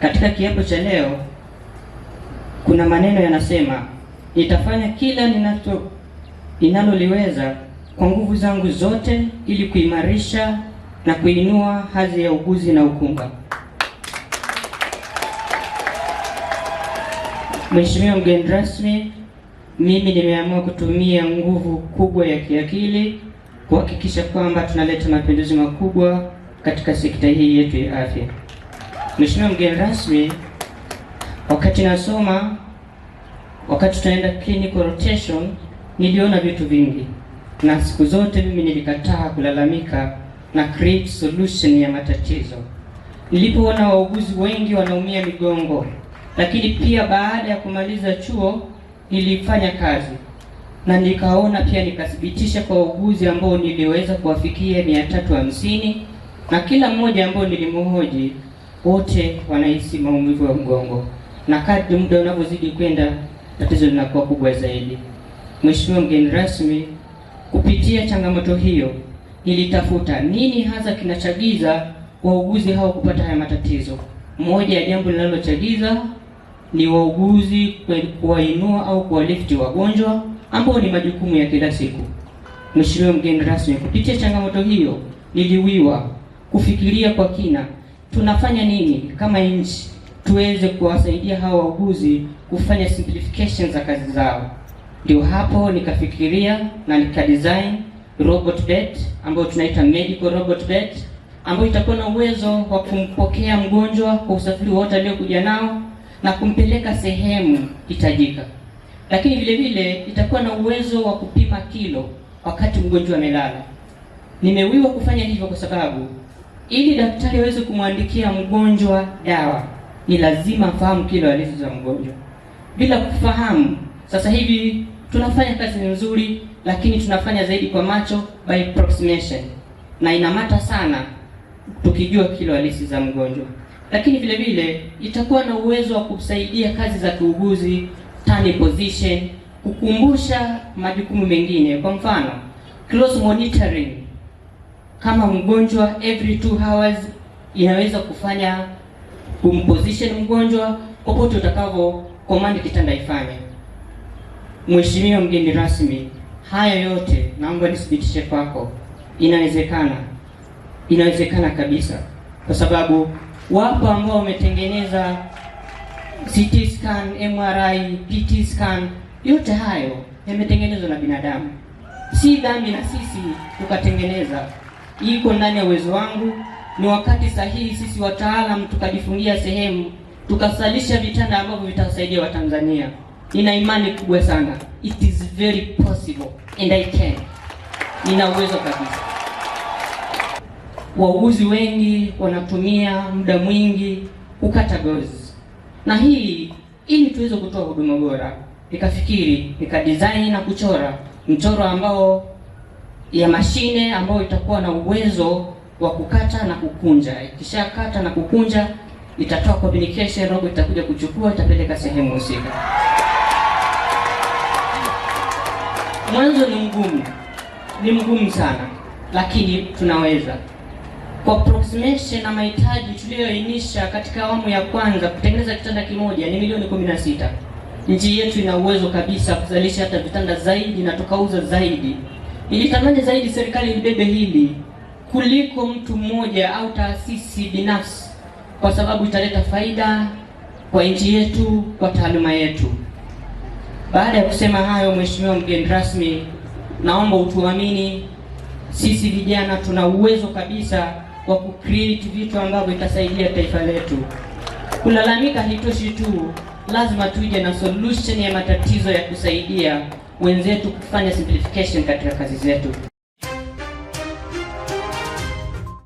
Katika kiapo cha leo kuna maneno yanasema, nitafanya kila ninacho inaloliweza kwa nguvu zangu zote ili kuimarisha na kuinua hadhi ya uguzi na ukunga. Mheshimiwa mgeni rasmi, mimi nimeamua kutumia nguvu kubwa ya kiakili kuhakikisha kwamba tunaleta mapinduzi makubwa katika sekta hii yetu ya afya. Mheshimiwa mgeni rasmi, wakati nasoma, wakati tunaenda clinical rotation, niliona vitu vingi, na siku zote mimi nilikataa kulalamika na create solution ya matatizo. Nilipoona wauguzi wengi wanaumia migongo, lakini pia baada ya kumaliza chuo nilifanya kazi na nikaona pia nikathibitisha kwa wauguzi ambao niliweza kuwafikia mia tatu hamsini na kila mmoja ambao nilimhoji wote wanahisi maumivu ya mgongo, na kadri muda unavyozidi kwenda tatizo linakuwa kubwa zaidi. Mheshimiwa mgeni rasmi, kupitia changamoto hiyo nilitafuta nini hasa kinachagiza wauguzi hao kupata haya matatizo. Moja ya jambo linalochagiza ni wauguzi kuwainua au kuwalifti wagonjwa ambao ni majukumu ya kila siku. Mheshimiwa mgeni rasmi, kupitia changamoto hiyo niliwiwa kufikiria kwa kina tunafanya nini kama nchi tuweze kuwasaidia hawa wauguzi kufanya simplification za kazi zao. Ndio hapo nikafikiria na nika design robot bed ambayo tunaita medical robot bed ambayo itakuwa na uwezo wa kumpokea mgonjwa kwa usafiri wote aliyokuja nao na kumpeleka sehemu hitajika, lakini vile vile itakuwa na uwezo wa kupima kilo wakati mgonjwa amelala. Nimewiwa kufanya hivyo kwa sababu ili daktari aweze kumwandikia mgonjwa dawa, ni lazima afahamu kilo halisi za mgonjwa. Bila kufahamu, sasa hivi tunafanya kazi nzuri, lakini tunafanya zaidi kwa macho, by approximation, na inamata sana tukijua kilo halisi za mgonjwa. Lakini vile vile itakuwa na uwezo wa kusaidia kazi za kiuguzi, tani position, kukumbusha majukumu mengine, kwa mfano close monitoring kama mgonjwa every two hours inaweza kufanya kumposition mgonjwa popote utakavyo command kitanda ifanye. Mheshimiwa mgeni rasmi, haya yote naomba nisibitishe kwako, inawezekana, inawezekana kabisa, kwa sababu wapo ambao wametengeneza CT scan, MRI, PT scan, yote hayo yametengenezwa na binadamu, si dhambi na sisi tukatengeneza iko ndani ya uwezo wangu. Ni wakati sahihi sisi wataalam tukajifungia sehemu tukasalisha vitanda ambavyo vitasaidia Watanzania. Nina imani kubwa sana, it is very possible and I can. Nina uwezo kabisa. Wauguzi wengi wanatumia muda mwingi kukata gozi, na hii ili tuweze kutoa huduma bora, nikafikiri nika design na kuchora mchoro ambao ya mashine ambayo itakuwa na uwezo wa kukata na kukunja. Ikishakata na kukunja, itatoa communication, robo itakuja kuchukua, itapeleka sehemu husika. Mwanzo ni mgumu, ni mgumu sana, lakini tunaweza kwa approximation na mahitaji tuliyoainisha katika awamu ya kwanza kutengeneza kitanda kimoja ni milioni 16. Nchi yetu ina uwezo kabisa kuzalisha hata vitanda zaidi na tukauza zaidi. Nilitamani zaidi serikali ibebe hili kuliko mtu mmoja au taasisi binafsi, kwa sababu italeta faida kwa nchi yetu, kwa taaluma yetu. Baada ya kusema hayo, Mheshimiwa mgeni rasmi, naomba utuamini sisi vijana tuna uwezo kabisa wa kucreate vitu ambavyo itasaidia taifa letu. Kulalamika hitoshi tu, lazima tuje na solution ya matatizo ya kusaidia wenzetu kufanya simplification katika kazi zetu.